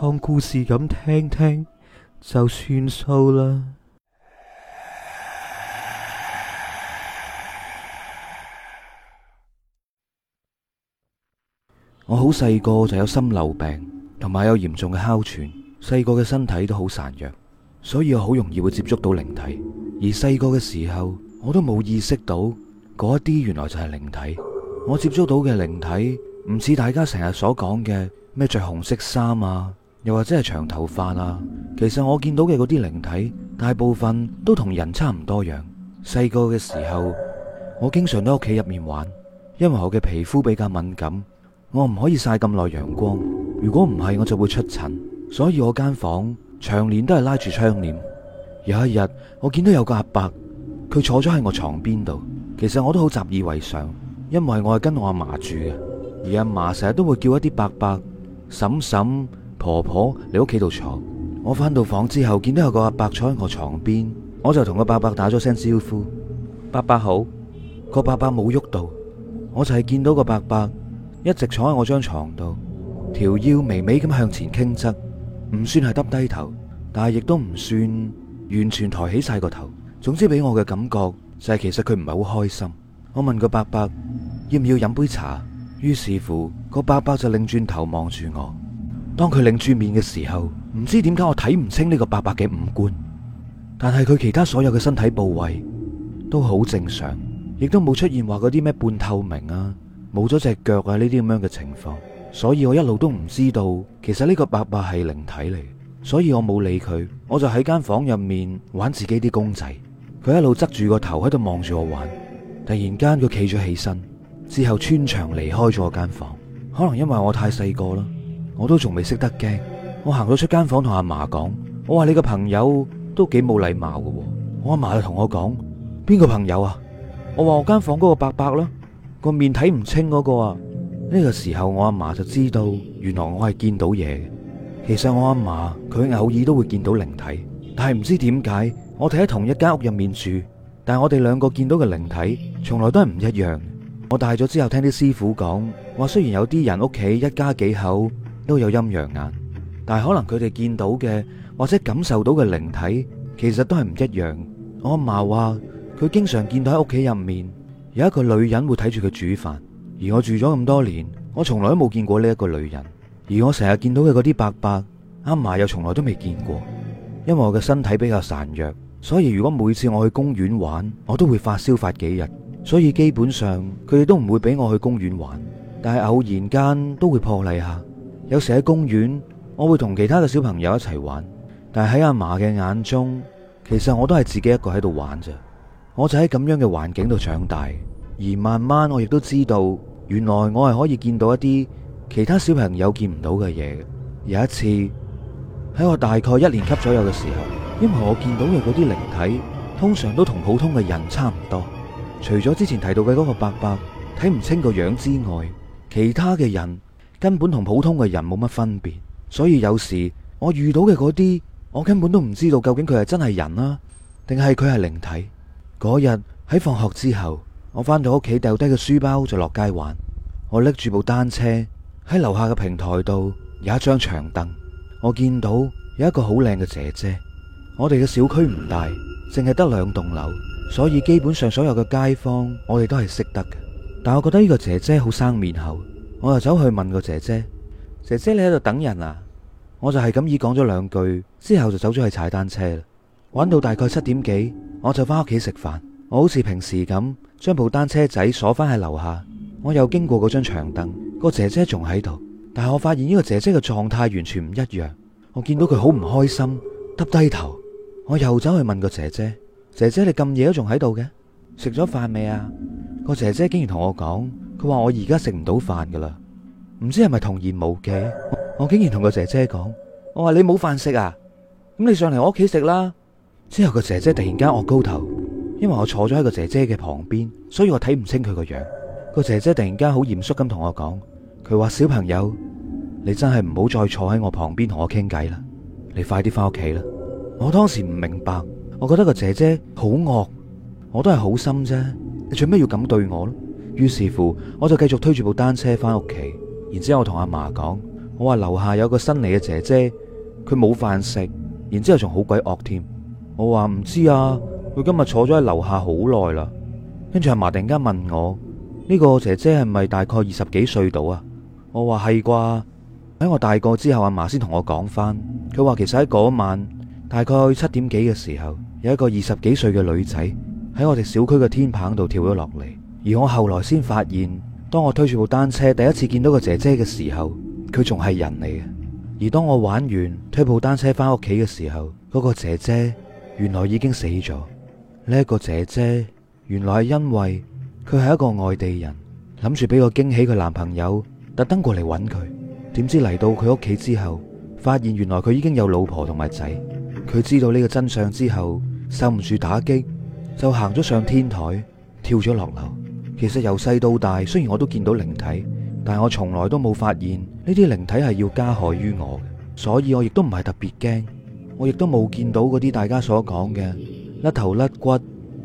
當故事咁聽聽就算數啦。我好細個就有心漏病，同埋有嚴重嘅哮喘，細個嘅身體都好孱弱，所以我好容易會接觸到靈體。而細個嘅時候，我都冇意識到嗰一啲原來就係靈體。我接觸到嘅靈體，唔似大家成日所講嘅咩着紅色衫啊。又或者係長頭髮啦。其實我見到嘅嗰啲靈體，大部分都同人差唔多樣。細個嘅時候，我經常都喺屋企入面玩，因為我嘅皮膚比較敏感，我唔可以曬咁耐陽光。如果唔係，我就會出疹。所以我間房長年都係拉住窗簾。有一日，我見到有個阿伯，佢坐咗喺我床邊度。其實我都好習以為常，因為我係跟我阿嫲住嘅，而阿嫲成日都會叫一啲伯伯、嬸嬸。婆婆嚟屋企度坐，我翻到房之後見到有個阿伯坐喺我床邊，我就同個伯伯打咗聲招呼。伯伯好，個伯伯冇喐到，我就係見到個伯伯一直坐喺我張床度，條腰微微咁向前傾側，唔算係耷低頭，但係亦都唔算完全抬起晒個頭。總之俾我嘅感覺就係其實佢唔係好開心。我問個伯伯要唔要飲杯茶，於是乎個伯伯就擰轉頭望住我。當佢擰住面嘅時候，唔知點解我睇唔清呢個伯伯嘅五官，但係佢其他所有嘅身體部位都好正常，亦都冇出現話嗰啲咩半透明啊、冇咗隻腳啊呢啲咁樣嘅情況，所以我一路都唔知道其實呢個伯伯係靈體嚟，所以我冇理佢，我就喺間房入面玩自己啲公仔。佢一路側住個頭喺度望住我玩，突然間佢企咗起身之後穿牆離開咗間房，可能因為我太細個啦。我都仲未識得驚，我行咗出間房同阿嫲講，我話你個朋友都幾冇禮貌噶，我阿嫲就同我講，邊個朋友啊？我話我間房嗰個伯伯囉，個面睇唔清嗰個啊。呢個時候我阿嫲就知道，原來我係見到嘢。其實我阿嫲佢偶爾都會見到靈體，但係唔知點解我哋喺同一間屋入面住，但係我哋兩個見到嘅靈體從來都係唔一樣。我大咗之後聽啲師傅講話，雖然有啲人屋企一家幾口。都有陰陽眼，但係可能佢哋見到嘅，或者感受到嘅靈體，其實都係唔一樣。我阿嫲話佢經常見到喺屋企入面有一個女人會睇住佢煮飯，而我住咗咁多年，我從來都冇見過呢一個女人，而我成日見到嘅嗰啲伯伯，阿嫲又從來都未見過。因為我嘅身體比較孱弱，所以如果每次我去公園玩，我都會發燒發幾日，所以基本上佢哋都唔會俾我去公園玩。但係偶然間都會破例下。有時喺公園，我會同其他嘅小朋友一齊玩，但係喺阿嫲嘅眼中，其實我都係自己一個喺度玩啫。我就喺咁樣嘅環境度長大，而慢慢我亦都知道，原來我係可以見到一啲其他小朋友見唔到嘅嘢。有一次喺我大概一年級左右嘅時候，因為我見到嘅嗰啲靈體通常都同普通嘅人差唔多，除咗之前提到嘅嗰個伯伯睇唔清個樣之外，其他嘅人。根本同普通嘅人冇乜分別，所以有時我遇到嘅嗰啲，我根本都唔知道究竟佢係真係人啊，定係佢係靈體。嗰日喺放學之後，我翻到屋企，掉低個書包就落街玩。我拎住部單車喺樓下嘅平台度有一張長凳，我見到有一個好靚嘅姐姐。我哋嘅小區唔大，淨係得兩棟樓，所以基本上所有嘅街坊我哋都係識得嘅。但我覺得呢個姐姐好生面口。我又走去問個姐姐，姐姐你喺度等人啊？我就係咁意講咗兩句之後就走咗去踩單車啦。玩到大概七點幾，我就翻屋企食飯。我好似平時咁，將部單車仔鎖翻喺樓下。我又經過嗰張長凳，個姐姐仲喺度，但係我發現呢個姐姐嘅狀態完全唔一樣。我見到佢好唔開心，耷低頭。我又走去問個姐姐，姐姐你咁夜都仲喺度嘅？食咗飯未啊？個姐姐竟然同我講。佢話我而家食唔到飯噶啦，唔知係咪童言無忌？我竟然同個姐姐講，我話你冇飯食啊，咁你上嚟我屋企食啦。之後個姐姐突然間惡高頭，因為我坐咗喺個姐姐嘅旁邊，所以我睇唔清佢個樣。個姐姐突然間好嚴肅咁同我講，佢話小朋友，你真係唔好再坐喺我旁邊同我傾偈啦，你快啲翻屋企啦。我當時唔明白，我覺得個姐姐好惡，我都係好心啫，你做咩要咁對我咯？於是乎，我就繼續推住部單車翻屋企，然之後我同阿嫲講，我話樓下有個新嚟嘅姐姐，佢冇飯食，然之後仲好鬼惡添。我話唔知啊，佢今日坐咗喺樓下好耐啦。跟住阿嫲突然間問我：呢個姐姐係咪大概二十幾歲到啊？我話係啩。喺我大個之後，阿嫲先同我講翻，佢話其實喺嗰晚大概七點幾嘅時候，有一個二十幾歲嘅女仔喺我哋小區嘅天棚度跳咗落嚟。而我後來先發現，當我推住部單車第一次見到個姐姐嘅時候，佢仲係人嚟嘅。而當我玩完推部單車翻屋企嘅時候，嗰、那個姐姐原來已經死咗。呢、這、一個姐姐原來係因為佢係一個外地人，諗住俾個驚喜佢男朋友特，特登過嚟揾佢。點知嚟到佢屋企之後，發現原來佢已經有老婆同埋仔。佢知道呢個真相之後，受唔住打擊，就行咗上天台，跳咗落樓。其實由細到大，雖然我都見到靈體，但我從來都冇發現呢啲靈體係要加害於我，所以我亦都唔係特別驚。我亦都冇見到嗰啲大家所講嘅甩頭甩骨，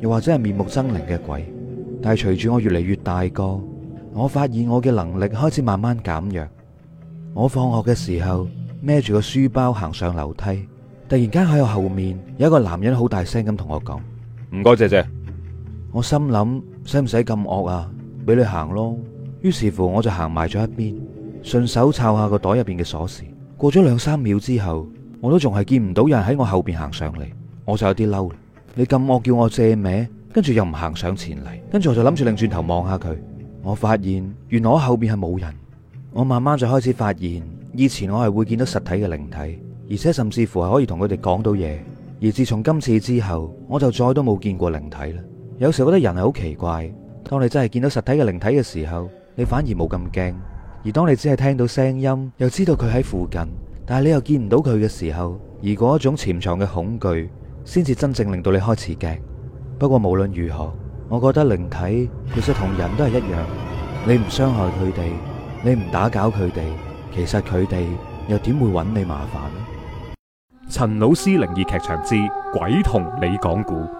又或者係面目猙獰嘅鬼。但係隨住我越嚟越大個，我發現我嘅能力開始慢慢減弱。我放學嘅時候孭住個書包行上樓梯，突然間喺我後面有一個男人好大聲咁同我講：唔該，謝謝姐姐。我心諗。使唔使咁惡啊？俾你行咯。於是乎，我就行埋咗一邊，順手抄下個袋入邊嘅鎖匙。過咗兩三秒之後，我都仲係見唔到人喺我後邊行上嚟，我就有啲嬲。你咁惡，叫我借名，跟住又唔行上前嚟，跟住我就諗住擰轉頭望下佢。我發現原來我後邊係冇人。我慢慢就開始發現，以前我係會見到實體嘅靈體，而且甚至乎係可以同佢哋講到嘢。而自從今次之後，我就再都冇見過靈體啦。有時覺得人係好奇怪，當你真係見到實體嘅靈體嘅時候，你反而冇咁驚；而當你只係聽到聲音，又知道佢喺附近，但係你又見唔到佢嘅時候，而嗰一種潛藏嘅恐懼，先至真正令到你開始驚。不過無論如何，我覺得靈體其實同人都係一樣，你唔傷害佢哋，你唔打攪佢哋，其實佢哋又點會搵你麻煩呢？陳老師靈異劇場之鬼同你講古。